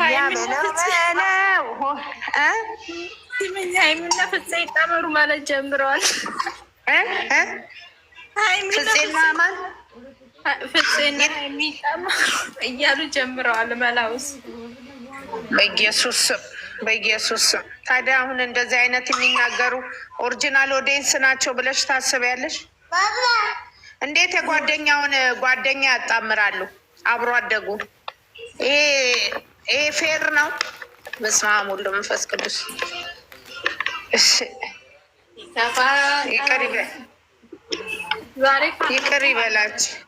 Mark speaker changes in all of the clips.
Speaker 1: ሀይሚና
Speaker 2: ፍፄ ይጣመሩ ማለት ጀምረዋል። ፍፄና ሀይሚ ይጣመሩ እያሉ ጀምረዋል። መላውስ
Speaker 1: በኢየሱስ በኢየሱስ ታዲያ አሁን እንደዚህ አይነት የሚናገሩ ኦሪጂናል ኦዲየንስ ናቸው ብለሽ ታስቢያለሽ? እንዴት የጓደኛውን ጓደኛ ያጣምራሉ? አብሮ አደጉ ይሄ ፌር ነው። በስመ አብ ወወልድ ወመንፈስ ቅዱስ። ይቅር ይበላችሁ፣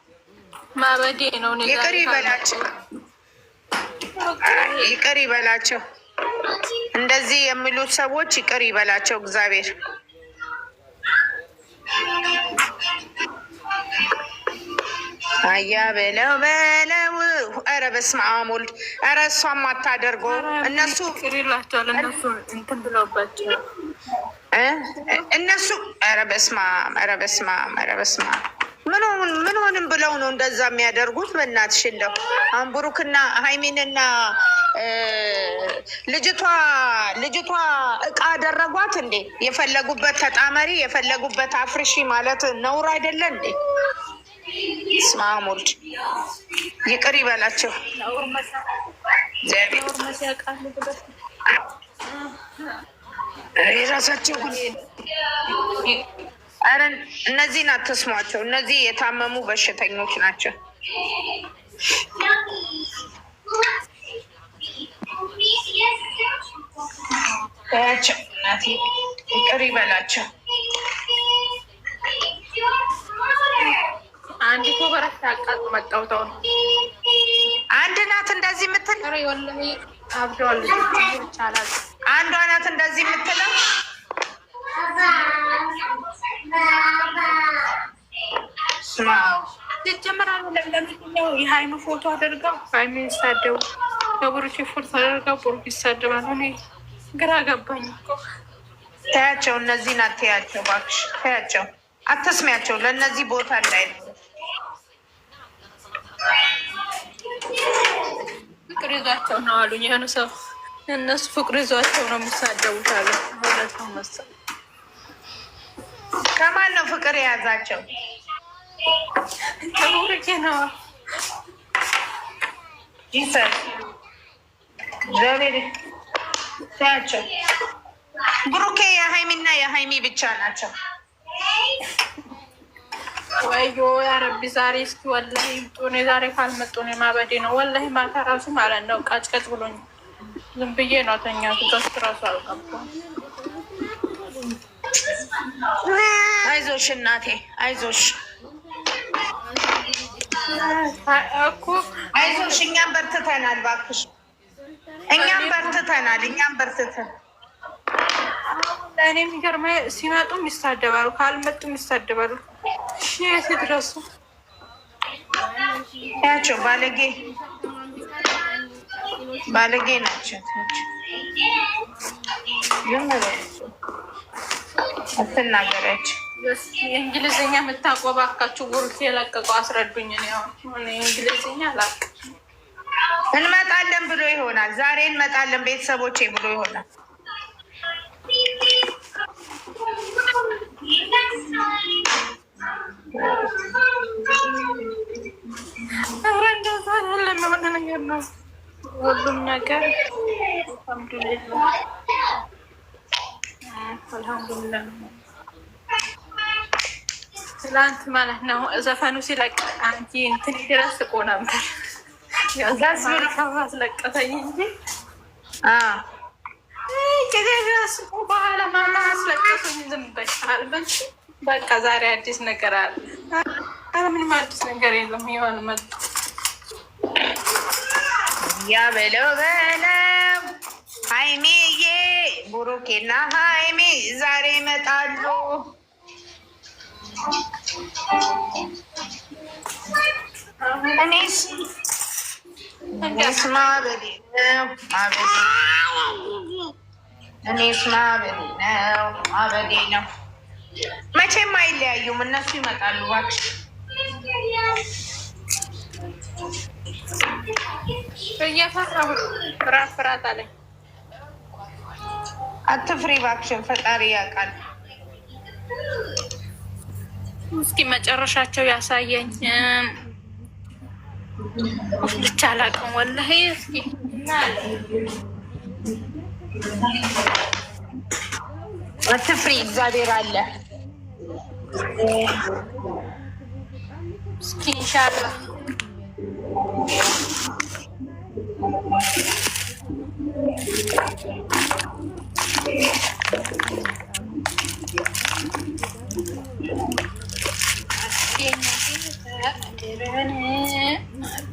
Speaker 2: ማበዴ ነው።
Speaker 1: ይቅር ይበላችሁ፣ ይቅር ይበላቸው። እንደዚህ የሚሉት ሰዎች ይቅር ይበላቸው እግዚአብሔር አያ በለው በለው። ኧረ በስመ አብ ወልድ። ኧረ እሷም አታደርገው። እነሱ
Speaker 2: እንትን ብለውባቸው
Speaker 1: እነሱ ኧረ በስመ አብ፣ ኧረ በስመ አብ፣ ኧረ በስመ አብ። ምን ሆንም ብለው ነው እንደዛ የሚያደርጉት? በእናትሽ እንደው አሁን ብሩክና ሀይሚንና ልጅቷ ልጅቷ እቃ አደረጓት እንዴ? የፈለጉበት ተጣመሪ፣ የፈለጉበት አፍርሺ ማለት ነውር አይደለ እንዴ? ስማሙል ይቅር ይበላቸው። የራሳቸው ኧረ እነዚህን አትስሟቸው። እነዚህ የታመሙ በሽተኞች ናቸው። ያቸው ይቅር ይበላቸው።
Speaker 2: አንድ ኮበረት ታቃጥ መቀውተው ነው
Speaker 1: አንድ ናት እንደዚህ የምትል አንዷ ናት እንደዚህ የምትለው
Speaker 2: ጀመራ ለምንድነው የሀይኑ ፎቶ አድርገው ሀይኑ ይሳደቡ በብሩኬ ፎቶ አድርገው ብሩክ ይሳደባል እኔ ግራ ገባኝ እኮ
Speaker 1: ተያቸው እነዚህን አትያቸው እባክሽ ተያቸው አትስሚያቸው ለእነዚህ ቦታ እንዳይ
Speaker 2: ፍቅር ይዟቸው ነው አሉኝ። የሆነ ሰው እነሱ ፍቅር ይዟቸው ነው የሚሳደቡት አሉ። ሰው መሰ
Speaker 1: ከማን ነው ፍቅር የያዛቸው?
Speaker 2: ተቡርጌ ነው
Speaker 1: ይሰል ዘቤድ ያቸው ብሩኬ የሀይሚና የሀይሚ ብቻ ናቸው።
Speaker 2: ወዮ ያረቢ ዛሬ እስኪ ወላሂ ይምጡን። ዛሬ ካልመጡ ነው ማበዴ ነው። ወላሂ ማታ ራሱ ማለት ነው ቃጭቀጭ ብሎኝ ዝም ብዬ ነው ተኛ። ስገስት ራሱ አልገባም።
Speaker 1: አይዞሽ እናቴ አይዞሽ እኮ አይዞሽ። እኛም በርትተናል፣ ባክሽ፣ እኛም በርትተናል፣ እኛም በርትተን
Speaker 2: እኔ የሚገርመኝ ሲመጡም ይሳደባሉ፣ ካልመጡም ይሳደባሉ። የት ድረሱ
Speaker 1: ያቸው ባለጌ ባለጌ ናቸው። አትናገሪያቸው።
Speaker 2: የእንግሊዝኛ የምታቆባካችሁ ጉርፍ የለቀቀው አስረዱኝ። እንግሊዝኛ ላቅ
Speaker 1: እንመጣለን ብሎ ይሆናል። ዛሬ እንመጣለን ቤተሰቦቼ ብሎ ይሆናል።
Speaker 2: ነገር ነው ሁሉም ነገር አልሐምዱሊላህ ትላንት ማለት ነው ዘፈኑ ሲለቅ አንቲ እንትን ድረስ እኮ ነበር ዛዝ ብሎ አስለቀሰኝ እንጂ ጭ ድረስ በኋላ ማማ አስለቀሱኝ። ዝም በል አልበልሽም በቃ ዛሬ አዲስ ነገር አለ። ኧረ ምንም አዲስ ነገር የለም። የሆነ መ
Speaker 1: ያ በለው በለው ሀይሜዬ ቡሩኬና ሀይሜ ዛሬ ይመጣሉ። እኔስ እኔስማ ነው አበዴ ነው እኔስ በሌ ነው አበዴ ነው መቼም አይለያዩም። እነሱ ይመጣሉ። እባክሽ
Speaker 2: እየፈራሁ ፍራት ፍራት አለኝ።
Speaker 1: አትፍሪ እባክሽን፣ ፈጣሪ ያውቃል።
Speaker 2: እስኪ መጨረሻቸው ያሳየኝ ብቻ አላውቅም። ወላሂ እስኪ
Speaker 1: አትፍሪ፣ እግዚአብሔር አለ።
Speaker 2: ኢንሻአላህ ድርን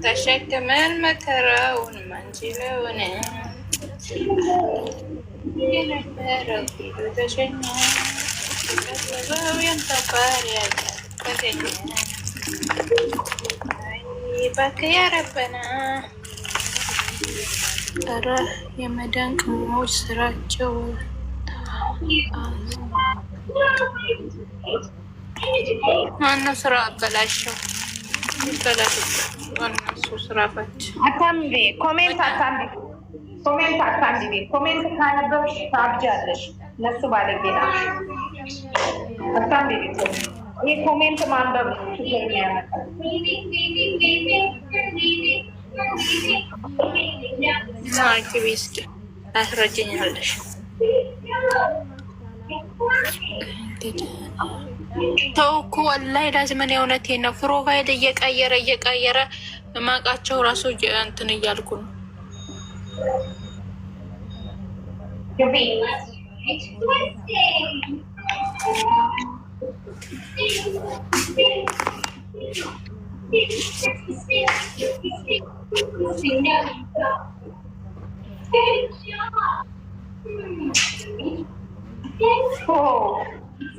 Speaker 2: ተሸክመን መከራውን ማንችለውን የነበረው ፊቱ እባክህ ያረበና ኧረ የመዳን ቅመሞች ስራቸው ማነው ስራ አበላቸው? እነሱ ስራባቸው
Speaker 1: አታምቢ። ኮሜንት አታምቢ። ኮሜንት አታምቢ። ኮሜንት ካነበብሽ ታብጃለሽ። እነሱ ባለጌ ናቸው። በጣም ይህ ኮሜንት ማንበብ ችግር ያመጣል።
Speaker 2: አክቲቪስት ወላሂ ላዝመን የእውነቴ ነው። ፕሮፋይል እየቀየረ እየቀየረ ማቃቸው ራሱ እንትን እያልኩ ነው።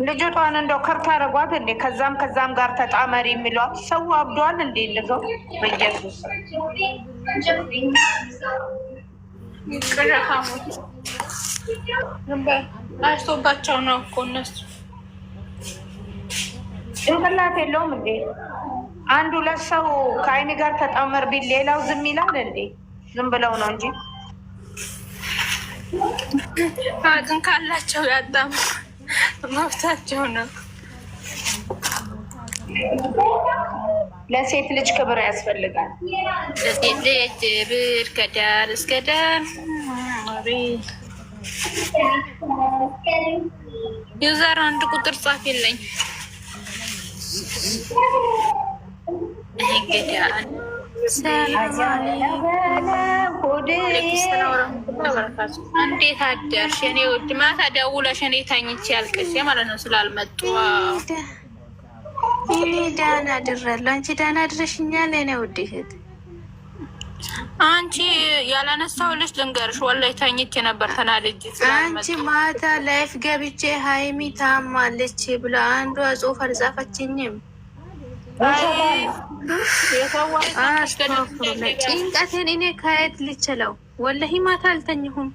Speaker 1: ልጅቷን እንደው ከርታ አደረጓት እንዴ? ከዛም ከዛም ጋር ተጣመሪ የሚለዋ ሰው አብዷል እንዴ? ልገው በኢየሱስ
Speaker 2: አስቶባቸው ነው እኮ እነሱ
Speaker 1: ጭንቅላት የለውም እንዴ? አንድ ሁለት ሰው ከአይን ጋር ተጣመር ቢል ሌላው ዝም ይላል እንዴ? ዝም ብለው ነው እንጂ
Speaker 2: አቅም ካላቸው ያጣም መብታቸው ነው።
Speaker 1: ለሴት ልጅ ክብር ያስፈልጋል።
Speaker 2: ለሴት ልጅ ብር ከዳር እስከ ዳር ዩዘር አንድ ቁጥር ጻፍ የለኝ እንዴት አደርሽ? እኔ ውድ ማታ ደውለሽ እኔ ተኝቼ ያልቅሽ ማለት ነው ስላልመጡ ደህና አንቺ ደህና አድረሽኛል ውድ እህት አንቺ ያላነሳው ልጅ ልንገርሽ፣ ወላሂ ተኝቼ ነበር ተናድጄ። አንቺ ማታ ላይፍ ገብቼ ሀይሚ ታማለች ብሎ አንዷ ጽሁፍ አልጻፈችኝም። ጭንቀቴን እኔ ከየት ልችለው? ወላሂ ማታ አልተኝሁም።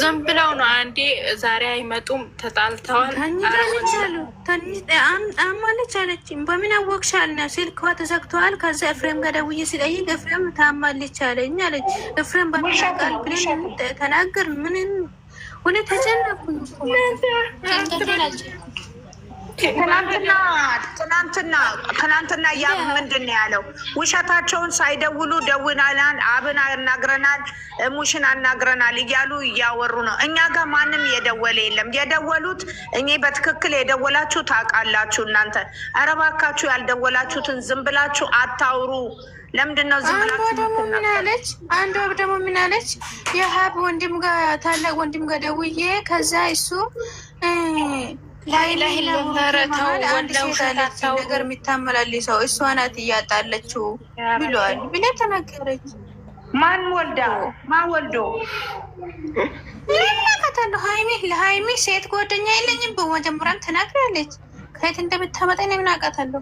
Speaker 2: ዝም ብለው ነው። አንዴ ዛሬ አይመጡም ተጣልተዋል። ታማለች አለች። በምን አወቅሽ አልነው። ስልኳ ተዘግተዋል። ከዚ ፍሬም ጋር ደውዬ ስጠይቅ ኤፍሬም ታማለች አለኝ አለች። ኤፍሬም በሚቃል ብለን ተናገር ምንን ሁኔ ተጨነኩ።
Speaker 1: ትናንትና ትናንትና ትናንትና ያ ምንድን ነው ያለው? ውሸታቸውን ሳይደውሉ ደውናላን አብን አናግረናል፣ ሙሽን አናግረናል እያሉ እያወሩ ነው። እኛ ጋር ማንም የደወለ የለም። የደወሉት እኔ በትክክል የደወላችሁ ታውቃላችሁ እናንተ። ኧረ እባካችሁ ያልደወላችሁትን ዝም ብላችሁ አታውሩ። ለምንድን ነው ዝም ብላችሁ? አንዷ
Speaker 2: ደግሞ ምን አለች? አንዷ ደግሞ ምን አለች? የሀብ ወንድም ጋር ታላቅ ወንድም ጋር ደውዬ ከዛ እሱ
Speaker 1: ነገር የሚታመላል ሰው እሷ ናት እያጣለችው ብሏል
Speaker 2: ብላ ተናገረች።
Speaker 1: ማን ወልዳ ማን ወልዶ
Speaker 2: ይመለከታለሁ። ሀይሚ ለሀይሚ ሴት ጓደኛ የለኝም በመጀመሪያም ተናግራለች። ከየት እንደምታመጣኝ ምን የምናውቃታለሁ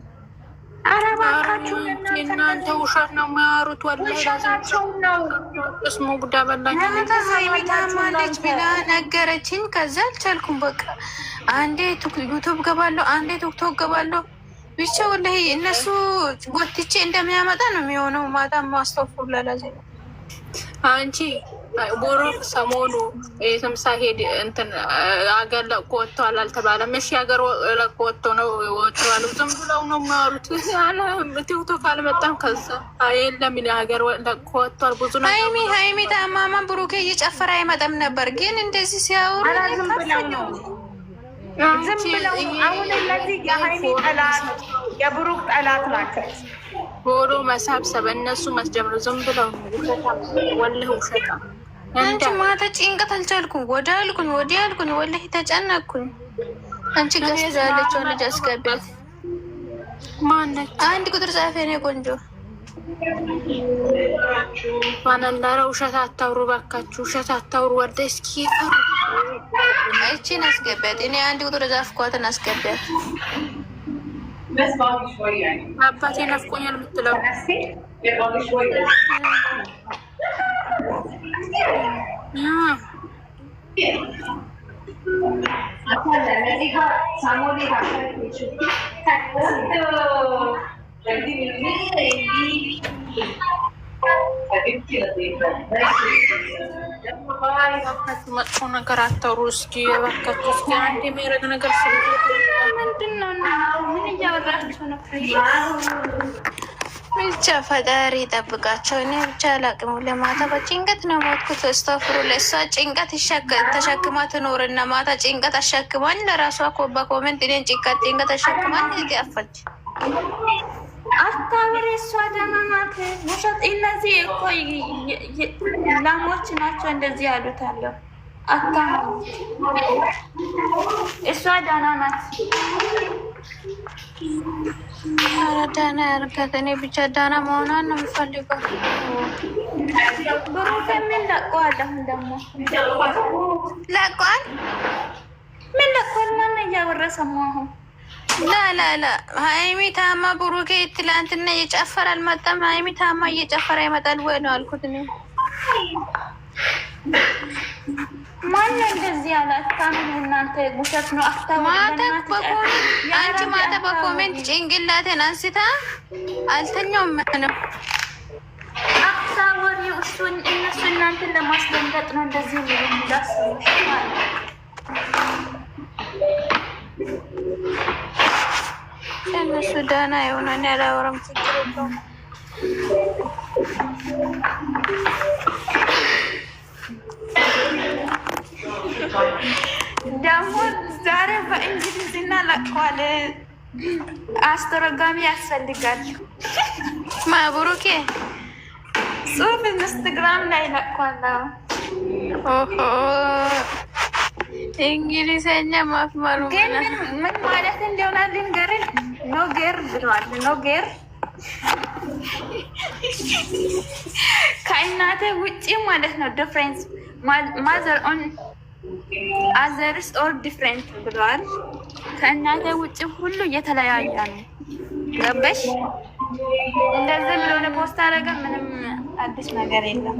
Speaker 2: እናንተ ውሸት ነው የሚያወሩት። ወላቸው ነው እስሙ ጉዳ በላኝ ብላ ነገረችኝ። ከዛ አልቻልኩም። በቃ አንዴ ዩቱብ ገባለሁ፣ አንዴ ቲክቶክ ገባለሁ። ብቻ ወላሂ እነሱ ጎትቼ እንደሚያመጣ ነው የሚሆነው። ማታ ማስተውፉ ለላዘ አንቺ ቦሮም ሰሞኑ የትምሳ ሄድ እንትን አገር ለቆ ወጥተዋል አልተባለም። እሺ ሀገር ለቆ ወጥቶ ነው ወጥተዋል። ዝም ብለው ነው የሚያወሩት። ቲክቶ ካልመጣም ከዛ የለም ሀገር ለቆ ወጥተዋል። ብዙ ነው ሀይሚ ሀይሚ ታማማ ብሩኬ እየጨፈረ አይመጣም ነበር፣ ግን እንደዚህ ሲያወሩ
Speaker 1: ዝም ብለው አሁን እነዚህ የሀይሚ ጠላት የብሩክ ጠላት ናቸው።
Speaker 2: ሆሮ መሳብሰብ እነሱ መስጀምሩ ዝም ብለው ወልህ ውሸጣ አንቺ ማታ ጭንቀት አልቻልኩም። ወደ አልኩኝ ወዲያ አልኩኝ ወላሂ ተጨነቅኩኝ። አንቺ ገስዳ ያለችውን ልጅ አስገቢያት። ማነች? አንድ ቁጥር ጻፈ። ነው ቆንጆ ማናንዳራ ውሸት አታውሩ ባካችሁ፣ ውሸት አታውሩ። ወርደ እስኪ እቺን አስገቢያት። እኔ አንድ ቁጥር ጻፍኳትን አስገቢያት። አባቴ ናፍቆኛል የምትለው
Speaker 1: መጥፎ
Speaker 2: ነገር አታውሩ። እስኪ የባካችሁ እስኪ አንድ የሚያደርግ ነገር ምንድን ነው? ምን እያወራችሁ ነው? ብቻ ፈጣሪ ጠብቃቸው። እኔ ብቻ አላቅሙ ለማታ በጭንቀት ነው ሞትኩት። እስታፍሩ ለእሷ ጭንቀት ተሸክማ ትኖርና ማታ ጭንቀት አሸክማኝ ለራሷ ኮባ ኮመንት እኔን ጭንቀት ጭንቀት አሸክማኝ ይገፋች አታምር። እሷ ደመማት ውሸት። እነዚህ እኮ ላሞች ናቸው እንደዚህ ያሉት አለው። አታምር። እሷ ደናናት ኧረ ደህና ያድርጋት። እኔ ብቻ ደህና መሆኗን ነው የምፈልገው። ብሩክ ምን ለቀዋል? አሁን ደግሞ ለቀዋል። ምን ለቀዋል? ማነው እያወራ አሁን ላላላ ሀይሚ ታማ ብሩኬ ትላንትና እየጨፈረ አልመጣም። ሀይሚ ታማ እየጨፈረ ይመጣል ወይ ነው አልኩት እኔ ማነው እንደዚህ ያላት? ታምሩ እናንተ ውሸት ነው። አንቺ ማታ በኮሜንት ጭንቅላቴን አንስታ አልተኛውም ነው አክሳወሪ እሱን እነሱ እናንተን ለማስደንገጥ ነው እንደዚህ የሚላስ እነሱ ደህና የሆነን ያላወራም ችግር የለውም። ደግሞ ዛሬ በእንግሊዝና ለቀዋል። አስተረጋሚ ያስፈልጋል። ማብሩኬ ጽሁፍ ኢንስትግራም ላይ ለቀዋል። እንግሊዘኛ ማፍመሩ ግን ምን ማለት እንደሆነ ልንገርህ። ኖ ጌር ብለዋል። ኖ ጌር ከእናተ ውጭ ማለት ነው። ዲፍረንስ ማዘር ኦን አዘርስ ኦር ዲፍረንት ብለዋል። ከእናንተ ውጭ ሁሉ እየተለያየ ነው። ገበሽ እንደዚህ ብለሆነ ፖስት አደረገ። ምንም አዲስ ነገር የለም።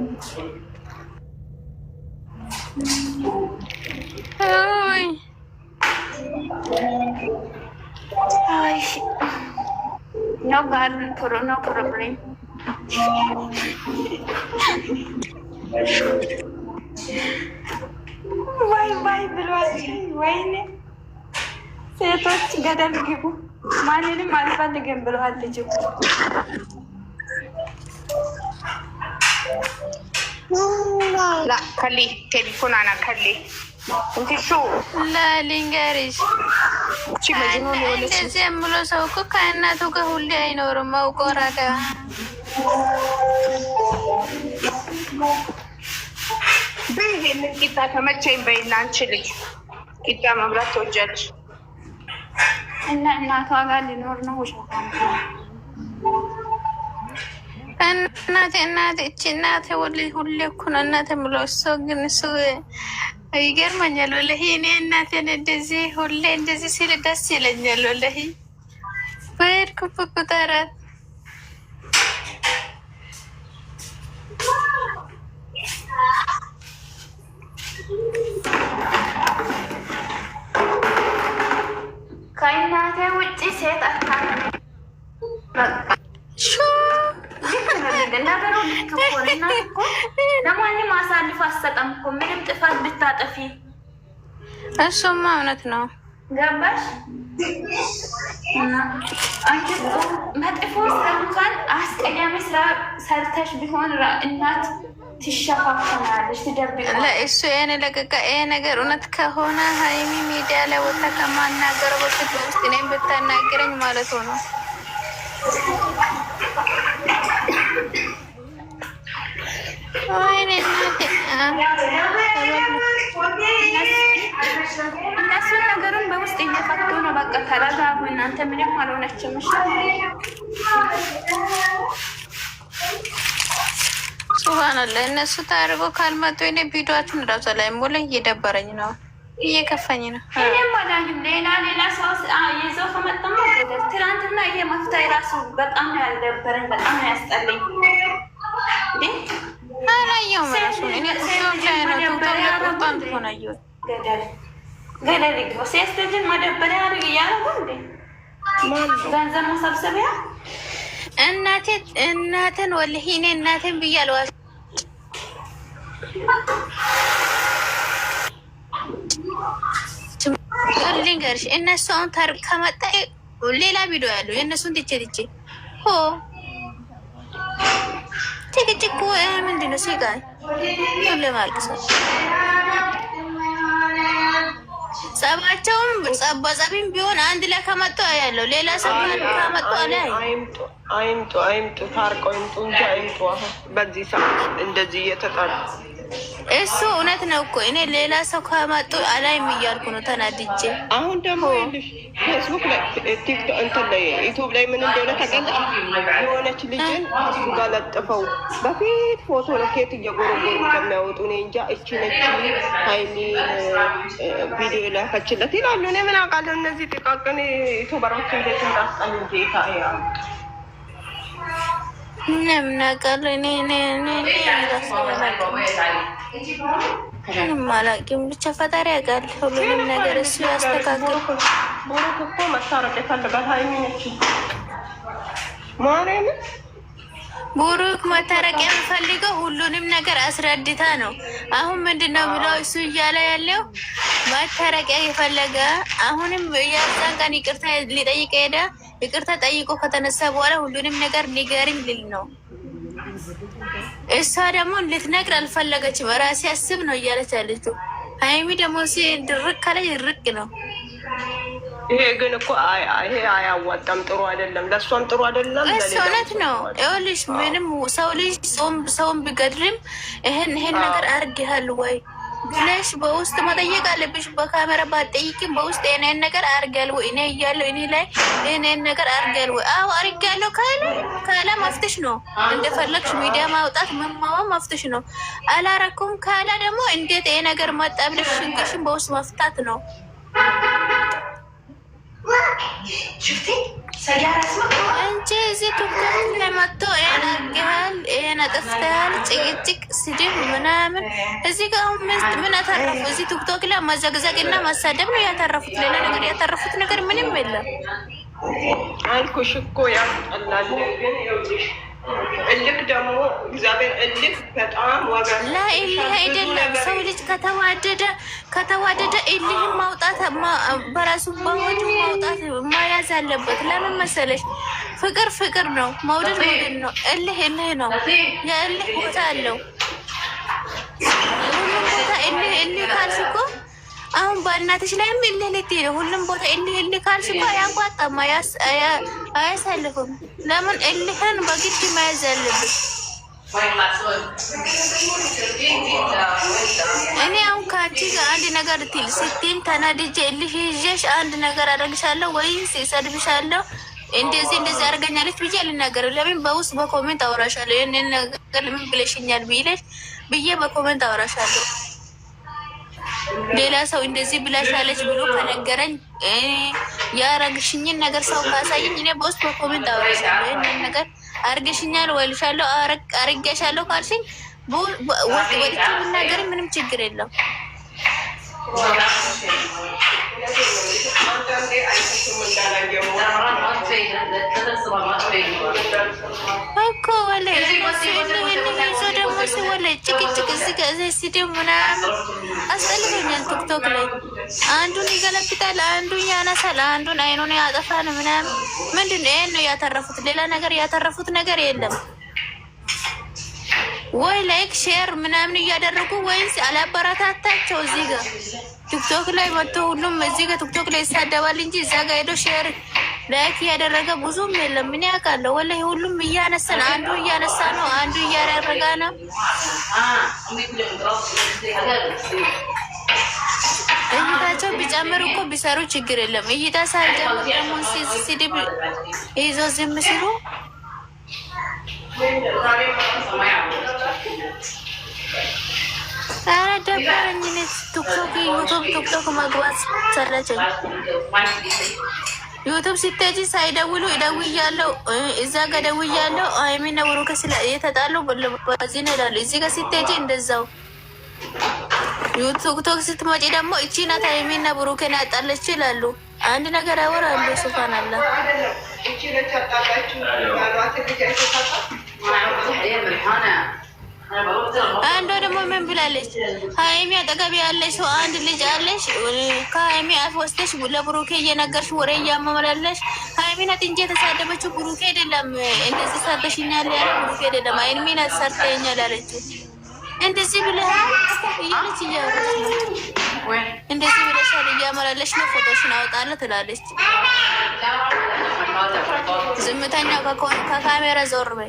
Speaker 2: ኖ ጋር ኖ ፕሮብሌም ወይ ወይ ብሏል። ወይኔ ሴቶች ገደል ግቡ፣ ማንንም አልፈልግም ብለዋል። ልጅ
Speaker 1: ከሌ ቴሌፎን አና ከሌ እንትሹ
Speaker 2: ልንገርሽ፣ እንደዚህ የምሎ ሰው እኮ ከእናቱ ጋር ሁሌ አይኖርም። አውቆ
Speaker 1: ይሄንን ቂጣ ተመቸኝ በይና አንቺ ልጅ ቂጣ መብላት ትወጃለሽ።
Speaker 2: እና እናቷ ጋር ሊኖር ነው ውሻ እናቴ እናቴ እቺ እናቴ ወል ሁሌ እኮ ነው እናቴ የምለው። እሱ ግን እሱ ይገርመኛል ወላሂ። እኔ እናቴን እንደዚህ ሁሌ እንደዚህ ሲል ደስ ይለኛል ወላሂ በሄድኩበት ቁጥረት ከማለቴ ውጭ ሴት ለማንም አሳልፎ አሰጠም እኮ ምንም ጥፋት ብታጠፊ እሱማ እውነት ነው። ገባሽ? አንቺ መጥፎ ስራ እንኳን አስቀያሚ ስራ ሰርተሽ ቢሆን እናት ትሸፋፈናለች፣ ትደብቃለች። ይሄን ይሄ ነገር እውነት ከሆነ ሀይሚ ሚዲያ ላይ ወጥታ ከማናገር በፊት በውስጥ እኔም ብታናገረኝ ማለት ነው። እነሱን ነገሩን በውስጥ እየፈቱ ነው። በቃ ተረጋጉ እናንተ ምንም አልሆነችም። ስብሃናላ እነሱ ታርጎ ካልመጡ ኔ ቪዲዮአችን ራሱ ላይ ሞለ እየደበረኝ ነው፣ እየከፈኝ ነው። እኔም አላግም ሌላ ሌላ ሰው ይዘው ከመጠማ ትናንትና ይሄ መፍታይ ራሱ በጣም ነው ያልደበረኝ፣ በጣም ነው ያስጠለኝ። አላየውም ራሱ እኔ ቲክቶክ ላይ ነው ቶጣም ትሆን አየሁ ገደል ገደል ሴት ልጅን መደበሪያ አድርግ እያለ እንዴ ገንዘብ መሰብሰቢያ እናቴን እናትን ወላሂ እኔ እናቴን ብዬ አልዋሽም። ልንገርሽ እነሱ አሁን ታርቅ ከመጣ ሌላ ቪዲዮ ያለው የእነሱን ትቼ ትቼ ሆ ጭቅጭቅ ምንድነው ሲቃይ ሁሉ ማልቅሰል ጸባቸውም ጸባጸቢም ቢሆን አንድ ላይ ከመጡ ያለው ሌላ ሰው ከመጡ ላይ
Speaker 1: አይምጡ አይምጡ አይምጡ ታርቀው ይምጡ እንጂ አይምጡ። አሁን በዚህ ሰዓት እንደዚህ እየተጣሉ
Speaker 2: እሱ እውነት ነው እኮ እኔ ሌላ ሰው ከማጡ አላይም እያልኩ ነው ተናድጄ።
Speaker 1: አሁን ደግሞ ፌስቡክ ላይ ቲክቶክ እንትን ላይ ዩቱብ ላይ ምን እንደሆነ ታውቃለህ? የሆነች ልጅን እሱ ጋር ለጥፈው በፊት ፎቶ ነው ኬት እየጎረጎሩ ከሚያወጡ እኔ እንጃ እቺ ነች ሀይሚ ቪዲዮ ላከችለት ይላሉ። እኔ ምን አውቃለሁ እነዚህ ጥቃቅን ዩቱበሮች እንዴት እንዳስጠሉ ጌታ ያ
Speaker 2: አላውቅም። ብቻ ፈጣሪ ያውቃል ሁሉንም ነገር እሱ ያስተካክል። ቡሩክ መታረቅ የምፈልገው ሁሉንም ነገር አስረድታ ነው። አሁን ምንድን ነው ብለው እሱ እያለ ያለው መታረቂያ የፈለገ አሁንም እያዛን ቀን ይቅርታ ሊጠይቅ ሄደ ይቅርታ ጠይቆ ከተነሳ በኋላ ሁሉንም ነገር ንገሪኝ ልል ነው። እሷ ደግሞ ልትነግር አልፈለገችም። ራሴ አስብ ነው እያለች ያለችው። ሀይሚ ደግሞ ድርቅ ካለ ድርቅ ነው።
Speaker 1: ይሄ ግን እኮ ይሄ አያዋጣም፣ ጥሩ አይደለም፣ ለእሷም ጥሩ አይደለም።
Speaker 2: እሱ እውነት ነው። ይኸውልሽ ምንም ሰው ልጅ ሰውን ቢገድልም ይሄን ነገር ያህል ወይ ብለሽ በውስጥ መጠየቅ አለብሽ። በካሜራ ባጠይቅም በውስጥ የኔን ነገር ወይ እኔ እያለሁ እኔ ላይ የኔን ነገር ወይ? አዎ አድርጊያለሁ ካለ ካለ መፍትሽ ነው። እንደፈለግሽ ሚዲያ ማውጣት መማማ መፍትሽ ነው። አላረኩም ካለ ደግሞ እንዴት ይሄ ነገር መጣ ብለሽ ሽንቅሽን በውስጥ መፍታት ነው። እንጂ እዚህ ቲክቶክ ላይ መጥቶ ይሄን አድርገሃል፣ ይሄን አጠፍተሃል፣ ጭቅጭቅ፣ ስድብ ምናምን እዚህ ጋር ምን አተረፉ? እዚህ ቲክቶክ ላይ መዘግዘግ እና ማሳደብ ነው ያተረፉት። ሌላ ነገር ያተረፉት ነገር ምንም የለም።
Speaker 1: አልኩሽ እኮ ያስጠላል። እልክ ደግሞ እግዚአብሔር እልክ በጣም ዋጋ
Speaker 2: ለእልህ አይደለም። ሰው ልጅ ከተዋደደ ከተዋደደ እልህን ማውጣት በራሱ በሆድ ማውጣት መያዝ አለበት። ለምን መሰለሽ? ፍቅር ፍቅር ነው፣ መውደድ መውደድ ነው። እልህ እልህ ነው። የእልህ ቦታ አለው። ሁሉም ቦታ እልህ እልህ ካልሽ እኮ አሁን በእናትሽ ላይ ምልልት ሁሉም ቦታ እልህ እልህ ካልሽ እኮ ያንቋጣም አያሳልፍም። ለምን እልህን በግድ መያዝ አለብሽ? እኔ አሁን ከአንቺ አንድ ነገር ትል ስትይም ተናድጄ እልህ ይዤሽ አንድ ነገር አደርግሻለሁ ወይም እሰድብሻለሁ እንደዚህ እንደዚህ አድርገኛለች ብዬ አልናገርም። ለምን በውስጥ በኮሜንት አውራሻለሁ። ይህንን ነገር ለምን ብለሽኛል ብለሽ ብዬ በኮሜንት አውራሻለሁ። ሌላ ሰው እንደዚህ ብላሻለች ብሎ ከነገረኝ ያረግሽኝን ነገር ሰው ካሳየኝ እኔ በውስጥ በኮሜንት አወራሻለሁ። ይህንን ነገር አርገሽኛል ወልሻለሁ አርጌሻለሁ ካልሽኝ ወጥቼ ብናገር ምንም ችግር የለም። እኮ ወላሂ ሰዎች ወላይ ጭቅጭቅ እዚህ ከዚህ ሲደው ምናምን አስጠልቶኛል። ቲክቶክ ላይ አንዱን ይገለብጣል፣ አንዱን ያነሳል፣ አንዱን አይኑን ያጠፋል ምናምን። ምንድን ነው ይሄን ነው ያተረፉት? ሌላ ነገር ያተረፉት ነገር የለም ወይ ላይክ ሼር ምናምን እያደረጉ ወይስ አላበረታታቸው። እዚህ ጋር ቲክቶክ ላይ መጥቶ ሁሉም እዚህ ጋር ቲክቶክ ላይ ይሳደባል እንጂ እዛ ጋር ሄዶ ሼር ላይክ እያደረገ ብዙም የለም። ምን ያውቃለሁ ወላሂ፣ ሁሉም እያነሳን አንዱ እያነሳ ነው፣ አንዱ እያደረጋ ነው። እይታቸው ቢጨምር እኮ ቢሰሩ ችግር የለም። እይታ ሳይጨምር ደግሞ ሲድብ ይዞ ዝም ሲሉ ኧረ ደበረኝ። ቲክቶክ ዩቱብ ቲክቶክ መግባት ሰለቸኝ። ዩቱብ ስትሄጂ ሳይደውሉ እደውያለሁ፣ እዛ ጋ እደውያለሁ። ሀይሚና ብሩክ የተጣሉ በዚህ ነው ይላሉ። እዚህ ጋ ስትሄጂ እንደዛው። ቲክቶክ ስትመጪ ደግሞ እቺ ናት ሀይሚና ብሩክን ያጣለች ይላሉ። አንድ ነገር ያወራሉ። ሱፋን አለ እቺ አንዷ ደግሞ ምን ብላለች? ሀይሚ አጠገብ ያለች ሰው አንድ ልጅ አለች። ከሀይሚ አፍ ወስደሽ ለብሩኬ እየነገርሽ ወሬ እያመመላለሽ ሀይሚ ናት እንጂ የተሳደበችው ብሩኬ አይደለም። እንደዚህ ሳደሽኛል ያለ ብሩኬ አይደለም፣ ሀይሚ ናት ሰርተኛል አለች። እንደዚህ ብለሽ እያለች እያወራች እንደዚህ ብለሻል እያመላለሽ ነው ፎቶሽን አውጣለ ትላለች። ዝምተኛ ከካሜራ ዞር በይ።